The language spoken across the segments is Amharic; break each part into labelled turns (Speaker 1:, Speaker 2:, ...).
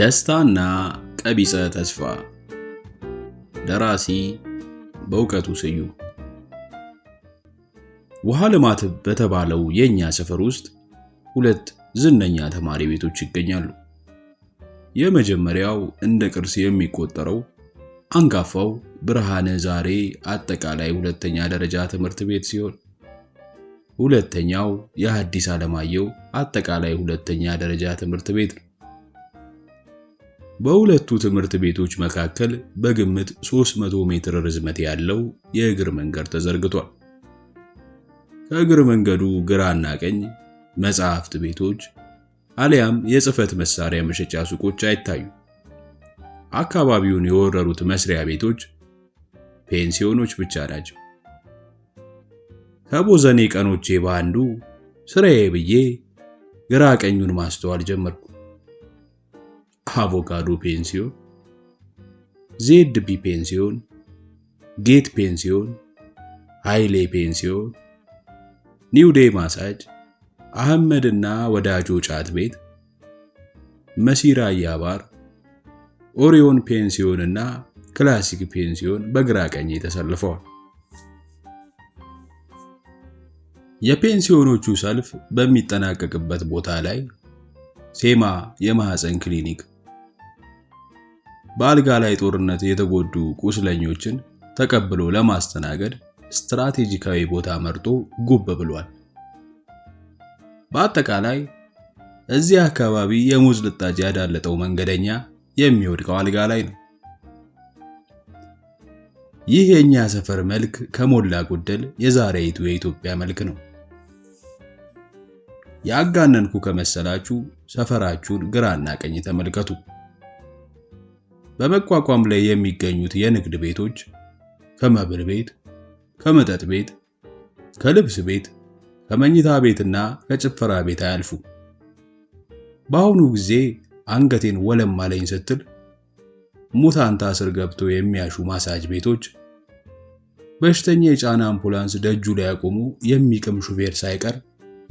Speaker 1: ደስታና ቀቢጸ ተስፋ ደራሲ በእውቀቱ ስዩም። ውሃ ልማት በተባለው የእኛ ሰፈር ውስጥ ሁለት ዝነኛ ተማሪ ቤቶች ይገኛሉ። የመጀመሪያው እንደ ቅርስ የሚቆጠረው አንጋፋው ብርሃነ ዛሬ አጠቃላይ ሁለተኛ ደረጃ ትምህርት ቤት ሲሆን ሁለተኛው የሐዲስ ዓለማየሁ አጠቃላይ ሁለተኛ ደረጃ ትምህርት ቤት ነው። በሁለቱ ትምህርት ቤቶች መካከል በግምት 300 ሜትር ርዝመት ያለው የእግር መንገድ ተዘርግቷል። ከእግር መንገዱ ግራና ቀኝ መጻሕፍት ቤቶች አሊያም የጽህፈት መሳሪያ መሸጫ ሱቆች አይታዩ። አካባቢውን የወረሩት መስሪያ ቤቶች፣ ፔንሲዮኖች ብቻ ናቸው። ከቦዘኔ ቀኖቼ በአንዱ ስራዬ ብዬ ግራ ቀኙን ማስተዋል ጀመርኩ። አቮካዶ ፔንሲዮን፣ ዜድ ቢ ፔንሲዮን፣ ጌት ፔንሲዮን፣ ኃይሌ ፔንሲዮን፣ ኒውዴ ማሳጅ፣ አህመድና ወዳጆ ጫት ቤት፣ መሲራያ ባር፣ ኦሪዮን ፔንሲዮን እና ክላሲክ ፔንሲዮን በግራ ቀኝ ተሰልፈዋል። የፔንሲዮኖቹ ሰልፍ በሚጠናቀቅበት ቦታ ላይ ሴማ የማህፀን ክሊኒክ በአልጋ ላይ ጦርነት የተጎዱ ቁስለኞችን ተቀብሎ ለማስተናገድ ስትራቴጂካዊ ቦታ መርጦ ጉብ ብሏል። በአጠቃላይ እዚህ አካባቢ የሙዝ ልጣጭ ያዳለጠው መንገደኛ የሚወድቀው አልጋ ላይ ነው። ይህ የኛ ሰፈር መልክ ከሞላ ጎደል የዛሬይቱ የኢትዮጵያ መልክ ነው። ያጋነንኩ ከመሰላችሁ ሰፈራችሁን ግራና ቀኝ ተመልከቱ። በመቋቋም ላይ የሚገኙት የንግድ ቤቶች ከመብል ቤት፣ ከመጠጥ ቤት፣ ከልብስ ቤት፣ ከመኝታ ቤትና ከጭፈራ ቤት አያልፉ። በአሁኑ ጊዜ አንገቴን ወለም አለኝ ስትል ሙታንታ ስር ገብቶ የሚያሹ ማሳጅ ቤቶች፣ በሽተኛ የጫና አምቡላንስ ደጁ ላይ ያቆሙ የሚቅም ሹፌር ሳይቀር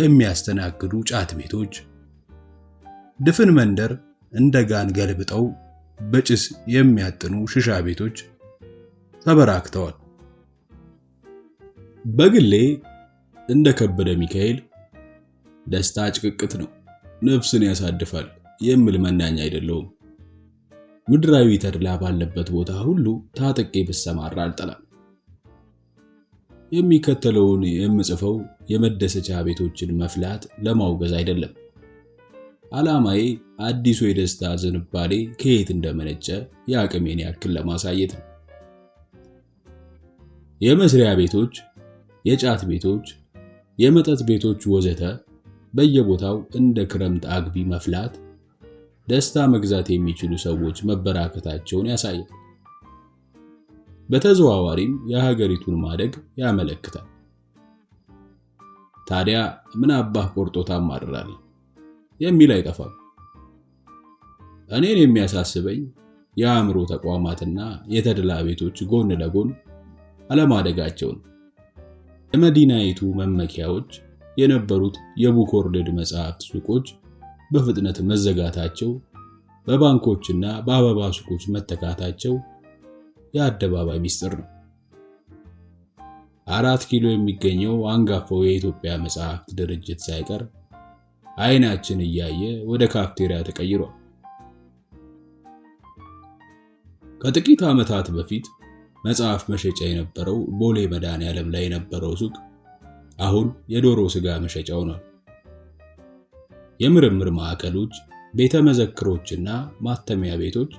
Speaker 1: የሚያስተናግዱ ጫት ቤቶች ድፍን መንደር እንደ ጋን ገልብጠው በጭስ የሚያጥኑ ሽሻ ቤቶች ተበራክተዋል። በግሌ እንደ ከበደ ሚካኤል ደስታ ጭቅቅት ነው፣ ነፍስን ያሳድፋል የምል መናኛ አይደለውም። ምድራዊ ተድላ ባለበት ቦታ ሁሉ ታጥቄ ብሰማራ አልጠላም። የሚከተለውን የምጽፈው የመደሰቻ ቤቶችን መፍላት ለማውገዝ አይደለም። ዓላማዬ አዲሱ የደስታ ዝንባሌ ከየት እንደመነጨ የአቅሜን ያክል ለማሳየት ነው። የመስሪያ ቤቶች፣ የጫት ቤቶች፣ የመጠጥ ቤቶች ወዘተ በየቦታው እንደ ክረምት አግቢ መፍላት ደስታ መግዛት የሚችሉ ሰዎች መበራከታቸውን ያሳያል። በተዘዋዋሪም የሀገሪቱን ማደግ ያመለክታል። ታዲያ ምን አባህ ቆርጦታም ማድራል? የሚል አይጠፋም። እኔን የሚያሳስበኝ የአእምሮ ተቋማትና የተድላ ቤቶች ጎን ለጎን አለማደጋቸው ነው። የመዲናይቱ መመኪያዎች የነበሩት የቡኮርልድ መጽሐፍት ሱቆች በፍጥነት መዘጋታቸው፣ በባንኮችና በአበባ ሱቆች መተካታቸው የአደባባይ ሚስጥር ነው። አራት ኪሎ የሚገኘው አንጋፋው የኢትዮጵያ መጽሐፍት ድርጅት ሳይቀር አይናችን እያየ ወደ ካፍቴሪያ ተቀይሯል። ከጥቂት ዓመታት በፊት መጽሐፍ መሸጫ የነበረው ቦሌ መድኃኔዓለም ላይ የነበረው ሱቅ አሁን የዶሮ ስጋ መሸጫ ሆኗል። የምርምር ማዕከሎች፣ ቤተ መዘክሮችና ማተሚያ ቤቶች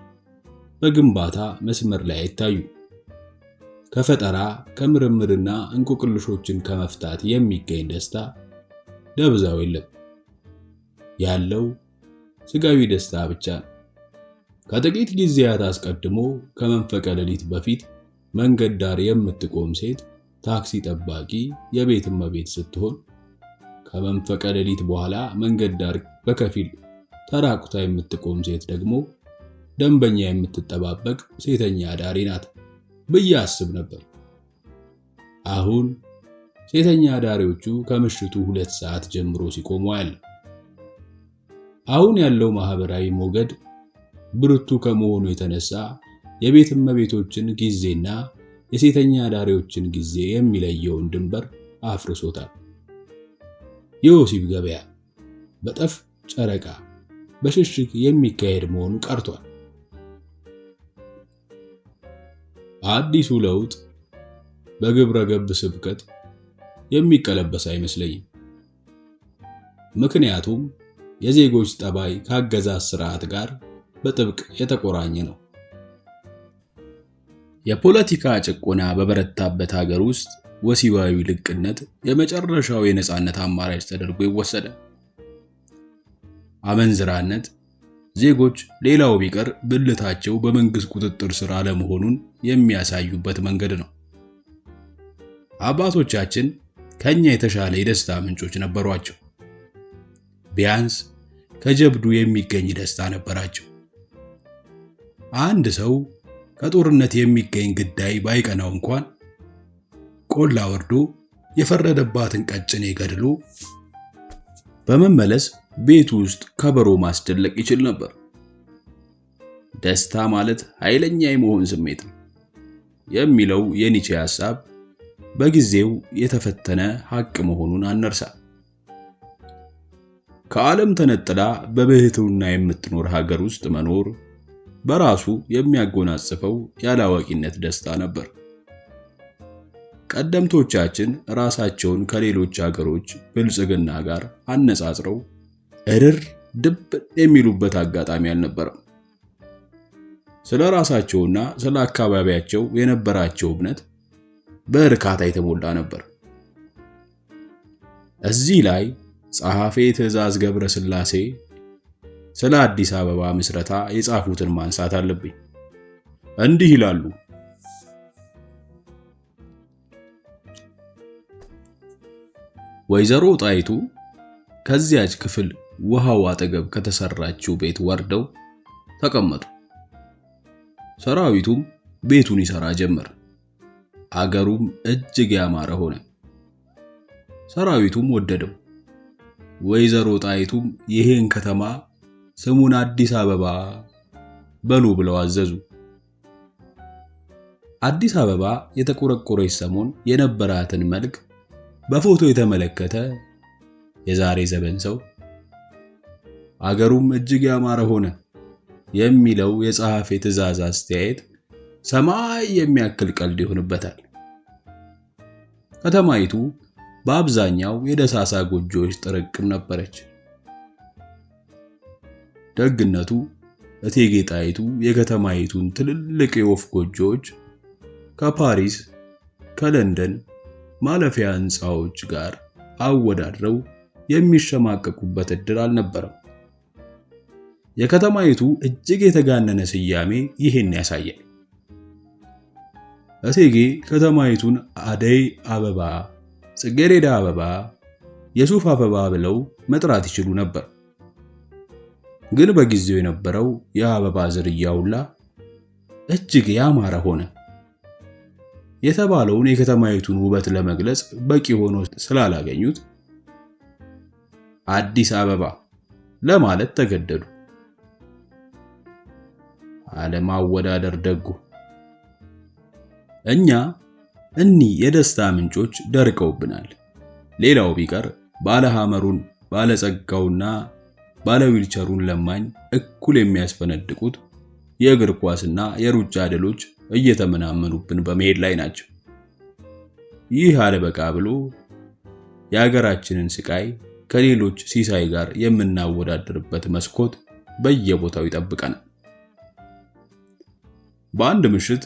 Speaker 1: በግንባታ መስመር ላይ አይታዩ። ከፈጠራ ከምርምርና እንቁቅልሾችን ከመፍታት የሚገኝ ደስታ ደብዛው የለም። ያለው ስጋዊ ደስታ ብቻ ነው። ከጥቂት ጊዜያት አስቀድሞ ከመንፈቀ ሌሊት በፊት መንገድ ዳር የምትቆም ሴት ታክሲ ጠባቂ የቤት እመቤት ስትሆን ከመንፈቀ ሌሊት በኋላ መንገድ ዳር በከፊል ተራቁታ የምትቆም ሴት ደግሞ ደንበኛ የምትጠባበቅ ሴተኛ አዳሪ ናት ብዬ አስብ ነበር። አሁን ሴተኛ አዳሪዎቹ ከምሽቱ ሁለት ሰዓት ጀምሮ ሲቆሙ አያለሁ። አሁን ያለው ማህበራዊ ሞገድ ብርቱ ከመሆኑ የተነሳ የቤት እመቤቶችን ጊዜና የሴተኛ አዳሪዎችን ጊዜ የሚለየውን ድንበር አፍርሶታል። የወሲብ ገበያ በጠፍ ጨረቃ፣ በሽሽግ የሚካሄድ መሆኑ ቀርቷል። አዲሱ ለውጥ በግብረ ገብ ስብከት የሚቀለበስ አይመስለኝም። ምክንያቱም የዜጎች ጠባይ ከአገዛዝ ስርዓት ጋር በጥብቅ የተቆራኘ ነው። የፖለቲካ ጭቆና በበረታበት ሀገር ውስጥ ወሲባዊ ልቅነት የመጨረሻው የነፃነት አማራጭ ተደርጎ ይወሰዳል። አመንዝራነት ዜጎች ሌላው ቢቀር ብልታቸው በመንግስት ቁጥጥር ስር አለመሆኑን የሚያሳዩበት መንገድ ነው። አባቶቻችን ከኛ የተሻለ የደስታ ምንጮች ነበሯቸው። ቢያንስ ከጀብዱ የሚገኝ ደስታ ነበራቸው። አንድ ሰው ከጦርነት የሚገኝ ግዳይ ባይቀናው እንኳን ቆላ ወርዶ የፈረደባትን ቀጭኔ ገድሎ በመመለስ ቤቱ ውስጥ ከበሮ ማስደለቅ ይችል ነበር። ደስታ ማለት ኃይለኛ የመሆን ስሜት ነው የሚለው የኒቼ ሐሳብ በጊዜው የተፈተነ ሐቅ መሆኑን አነርሳ። ከዓለም ተነጥላ በብሕትውና የምትኖር ሀገር ውስጥ መኖር በራሱ የሚያጎናጽፈው ያላዋቂነት ደስታ ነበር። ቀደምቶቻችን ራሳቸውን ከሌሎች ሀገሮች ብልጽግና ጋር አነጻጽረው እርር ድብ የሚሉበት አጋጣሚ አልነበረም። ስለ ራሳቸውና ስለ አካባቢያቸው የነበራቸው እምነት በእርካታ የተሞላ ነበር። እዚህ ላይ ጸሐፌ ትእዛዝ ገብረ ስላሴ ስለ አዲስ አበባ ምስረታ የጻፉትን ማንሳት አለብኝ። እንዲህ ይላሉ። ወይዘሮ ጣይቱ ከዚያች ክፍል ውሃው አጠገብ ከተሰራችው ቤት ወርደው ተቀመጡ። ሰራዊቱም ቤቱን ይሰራ ጀመር። አገሩም እጅግ ያማረ ሆነ። ሰራዊቱም ወደደው። ወይዘሮ ጣይቱም ይሄን ከተማ ስሙን አዲስ አበባ በሉ ብለው አዘዙ። አዲስ አበባ የተቆረቆረች ሰሞን የነበራትን መልክ በፎቶ የተመለከተ የዛሬ ዘመን ሰው አገሩም እጅግ ያማረ ሆነ የሚለው የጸሐፊ ትእዛዝ አስተያየት ሰማይ የሚያክል ቀልድ ይሆንበታል። ከተማይቱ በአብዛኛው የደሳሳ ጎጆዎች ጥርቅም ነበረች። ደግነቱ እቴጌ ጣይቱ የከተማይቱን ትልልቅ የወፍ ጎጆዎች ከፓሪስ ከለንደን ማለፊያ ህንፃዎች ጋር አወዳድረው የሚሸማቀቁበት እድል አልነበረም። የከተማይቱ እጅግ የተጋነነ ስያሜ ይህን ያሳያል። እቴጌ ከተማይቱን አደይ አበባ ጽጌረዳ አበባ፣ የሱፍ አበባ ብለው መጥራት ይችሉ ነበር። ግን በጊዜው የነበረው የአበባ ዝርያ ሁላ እጅግ ያማረ ሆነ የተባለውን የከተማይቱን ውበት ለመግለጽ በቂ ሆኖ ስላላገኙት አዲስ አበባ ለማለት ተገደዱ። አለማወዳደር ደጉ እኛ እኒህ የደስታ ምንጮች ደርቀውብናል። ሌላው ቢቀር ባለ ሐመሩን ባለጸጋውና ባለዊልቸሩን ለማኝ እኩል የሚያስፈነድቁት የእግር ኳስና የሩጫ ድሎች እየተመናመኑብን በመሄድ ላይ ናቸው። ይህ አለበቃ ብሎ የሀገራችንን ስቃይ ከሌሎች ሲሳይ ጋር የምናወዳደርበት መስኮት በየቦታው ይጠብቀናል። በአንድ ምሽት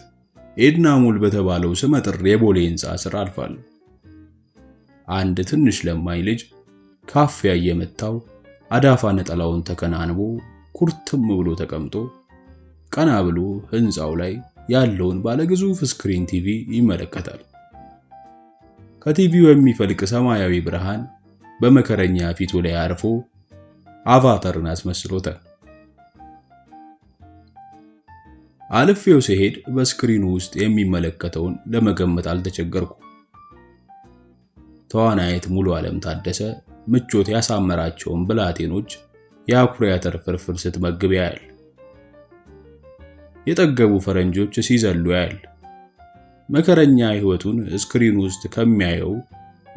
Speaker 1: ኤድና ሙል በተባለው ስመጥር የቦሌ ህንፃ ስር አልፋል። አንድ ትንሽ ለማኝ ልጅ ካፊያ እየመታው አዳፋ ነጠላውን ተከናንቦ ኩርትም ብሎ ተቀምጦ ቀና ብሎ ህንፃው ላይ ያለውን ባለ ግዙፍ ስክሪን ቲቪ ይመለከታል። ከቲቪው የሚፈልቅ ሰማያዊ ብርሃን በመከረኛ ፊቱ ላይ አርፎ አቫተርን አስመስሎታል። አልፌው ሲሄድ በስክሪኑ ውስጥ የሚመለከተውን ለመገመት አልተቸገርኩ። ተዋናይት ሙሉ ዓለም ታደሰ ምቾት ያሳመራቸውን ብላቴኖች የአኩሪ አተር ፍርፍር ስትመግብ ያያል። የጠገቡ ፈረንጆች ሲዘሉ ያያል። መከረኛ ሕይወቱን ስክሪን ውስጥ ከሚያየው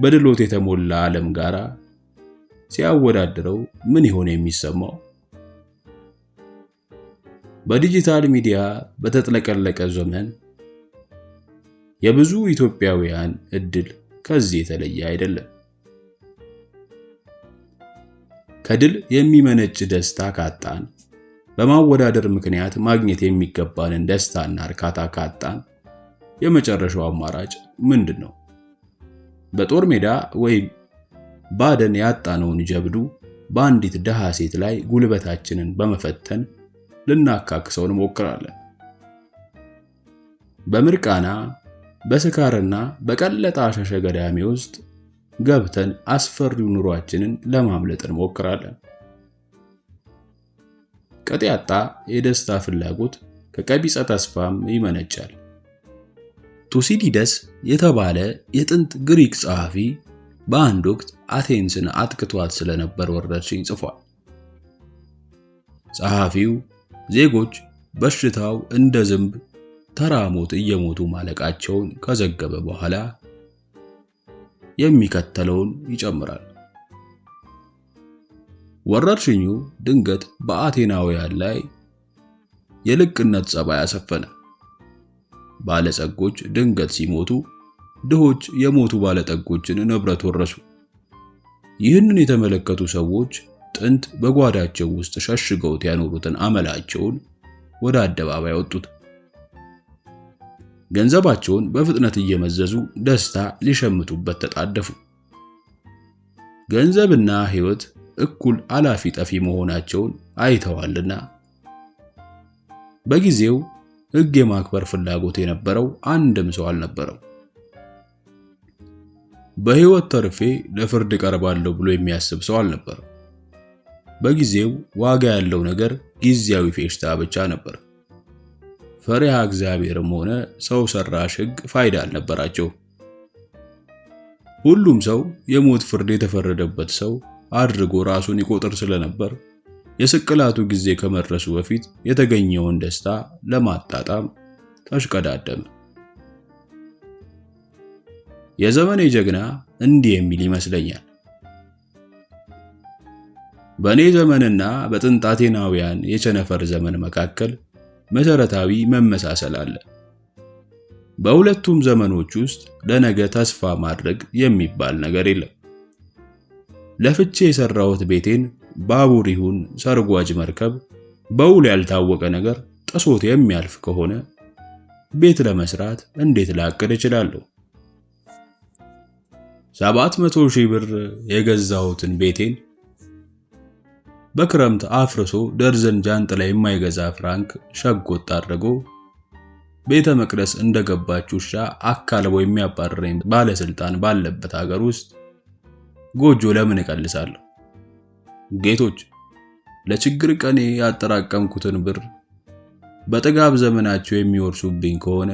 Speaker 1: በድሎት የተሞላ ዓለም ጋራ ሲያወዳድረው ምን ይሆን የሚሰማው? በዲጂታል ሚዲያ በተጥለቀለቀ ዘመን የብዙ ኢትዮጵያውያን እድል ከዚህ የተለየ አይደለም። ከድል የሚመነጭ ደስታ ካጣን፣ በማወዳደር ምክንያት ማግኘት የሚገባንን ደስታና እርካታ ካጣን የመጨረሻው አማራጭ ምንድን ነው? በጦር ሜዳ ወይም ባደን ያጣነውን ጀብዱ በአንዲት ደሃ ሴት ላይ ጉልበታችንን በመፈተን ልናካክሰው እንሞክራለን። በምርቃና በስካርና በቀለጠ አሸሸ ገዳሚ ውስጥ ገብተን አስፈሪው ኑሯችንን ለማምለጥ እንሞክራለን። ቀጥ ያጣ የደስታ ፍላጎት ከቀቢጸ ተስፋም ይመነጫል። ቱሲዲደስ የተባለ የጥንት ግሪክ ጸሐፊ በአንድ ወቅት አቴንስን አጥቅቷት ስለነበር ወረርሽኝ ጽፏል። ጸሐፊው ዜጎች በሽታው እንደ ዝንብ ተራ ሞት እየሞቱ ማለቃቸውን ከዘገበ በኋላ የሚከተለውን ይጨምራል። ወረርሽኙ ድንገት በአቴናውያን ላይ የልቅነት ጸባይ አሰፈነ። ባለጸጎች ድንገት ሲሞቱ፣ ድሆች የሞቱ ባለጠጎችን ንብረት ወረሱ። ይህንን የተመለከቱ ሰዎች ጥንት በጓዳቸው ውስጥ ሸሽገውት ያኖሩትን አመላቸውን ወደ አደባባይ አወጡት። ገንዘባቸውን በፍጥነት እየመዘዙ ደስታ ሊሸምቱበት ተጣደፉ። ገንዘብና ሕይወት እኩል አላፊ ጠፊ መሆናቸውን አይተዋልና በጊዜው ሕግ የማክበር ፍላጎት የነበረው አንድም ሰው አልነበረው። በሕይወት ተርፌ ለፍርድ ቀርባለሁ ብሎ የሚያስብ ሰው አልነበረው። በጊዜው ዋጋ ያለው ነገር ጊዜያዊ ፌሽታ ብቻ ነበር። ፈሪሃ እግዚአብሔርም ሆነ ሰው ሰራሽ ሕግ ፋይዳ አልነበራቸው። ሁሉም ሰው የሞት ፍርድ የተፈረደበት ሰው አድርጎ ራሱን ይቆጥር ስለነበር የስቅላቱ ጊዜ ከመድረሱ በፊት የተገኘውን ደስታ ለማጣጣም ተሽቀዳደመ። የዘመኔ ጀግና እንዲህ የሚል ይመስለኛል። በእኔ ዘመንና በጥንት አቴናውያን የቸነፈር ዘመን መካከል መሰረታዊ መመሳሰል አለ። በሁለቱም ዘመኖች ውስጥ ለነገ ተስፋ ማድረግ የሚባል ነገር የለም። ለፍቼ የሰራሁት ቤቴን ባቡር ይሁን ሰርጓጅ መርከብ በውል ያልታወቀ ነገር ጥሶት የሚያልፍ ከሆነ ቤት ለመስራት እንዴት ላቅድ እችላለሁ? ሰባት መቶ ሺህ ብር የገዛሁትን ቤቴን በክረምት አፍርሶ ደርዘን ጃንጥላ የማይገዛ ፍራንክ ሸጎጥ አድርጎ ቤተ መቅደስ እንደገባች ውሻ አካልቦ የሚያባርረኝ ባለስልጣን ባለበት ሀገር ውስጥ ጎጆ ለምን እቀልሳለሁ? ጌቶች ለችግር ቀኔ ያጠራቀምኩትን ብር በጥጋብ ዘመናቸው የሚወርሱብኝ ከሆነ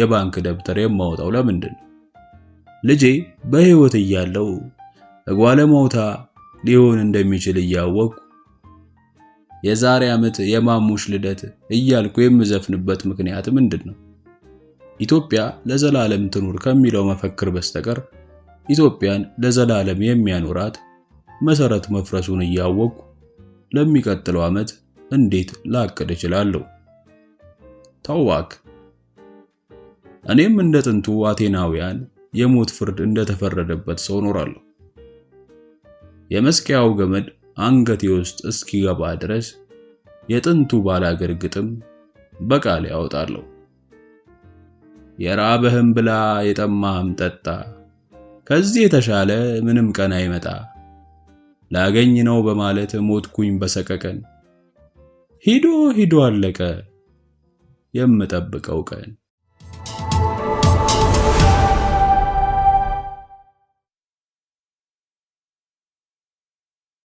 Speaker 1: የባንክ ደብተር የማወጣው ለምንድን ልጄ በሕይወት እያለው እጓለማውታ ሊሆን እንደሚችል እያወቅኩ የዛሬ ዓመት የማሙሽ ልደት እያልኩ የምዘፍንበት ምክንያት ምንድን ነው? ኢትዮጵያ ለዘላለም ትኑር ከሚለው መፈክር በስተቀር ኢትዮጵያን ለዘላለም የሚያኖራት መሰረት መፍረሱን እያወቅኩ ለሚቀጥለው ዓመት እንዴት ላቅድ እችላለሁ? ታዋክ እኔም እንደ ጥንቱ አቴናውያን የሞት ፍርድ እንደተፈረደበት ሰው እኖራለሁ? የመስቀያው ገመድ አንገቴ ውስጥ እስኪገባ ድረስ የጥንቱ ባላገር ግጥም በቃል ያወጣለሁ። የራበህም ብላ የጠማህም ጠጣ፣ ከዚህ የተሻለ ምንም ቀን አይመጣ። ላገኝ ነው በማለት ሞትኩኝ በሰቀቀን፣ ሂዶ ሂዶ አለቀ የምጠብቀው ቀን።